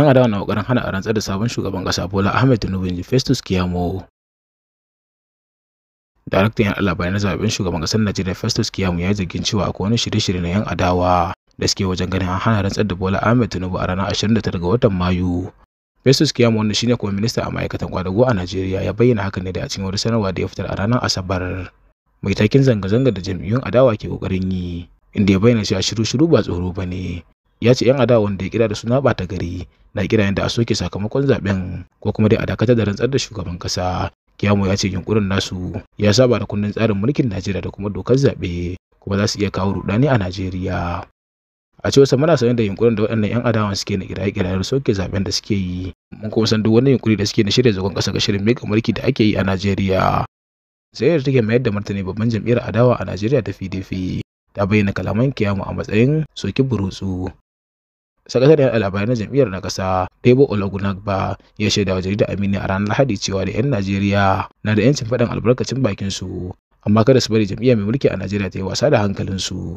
'Yan adawa na kokarin hana a rantsar da sabon shugaban ƙasa Bola Ahmed Tinubu, inji Festus Keyamo. Daraktan 'yan labarai na zaɓen shugaban kasar Najeriya Festus Keyamo ya zargin cewa akwai wani shirye-shirye na 'yan adawa da suke wajen ganin an hana rantsar da Bola Ahmed Tinubu a ranar 29 ga watan Mayu. Festus Keyamo wanda shine kuma minista a ma'aikatan kwadago a Najeriya ya bayyana hakan ne da a cikin wani sanarwa da ya fitar a ranar Asabar. Mai takin zanga-zanga da jam'iyyun adawa ke kokarin yi, inda ya bayyana cewa shiru-shiru ba tsoro ba ya ce 'yan adawa wanda ya kira da suna ɓata gari na kira yadda a soke sakamakon zaben ko kuma dai a dakatar da rantsar da shugaban kasa kiyamo ya ce yunkurin nasu ya saba da kundin tsarin mulkin najeriya da kuma dokar zaɓe kuma za su iya kawo rudani a najeriya a ce wasu muna sanin da yunkurin da waɗannan 'yan adawan suke na kira da soke zaben da suke yi mun kuma san duk wani yunkuri da suke na shirya zagon ƙasa ga shirin mega mulki da ake yi a najeriya sai da take mayar da martani babban jam'iyyar adawa a najeriya ta pdp ta bayyana kalaman kiyamo a matsayin soki burutsu sakatariyar labarai na jam'iyyar na ƙasa Debo Ologunagba ya shaida wa jaridar Amini a ranar Lahadi cewa da 'yan Najeriya na da 'yancin faɗin albarkacin bakin su amma kada su bari jam'iyyar mai mulki a Najeriya ta yi wasa da hankalin su.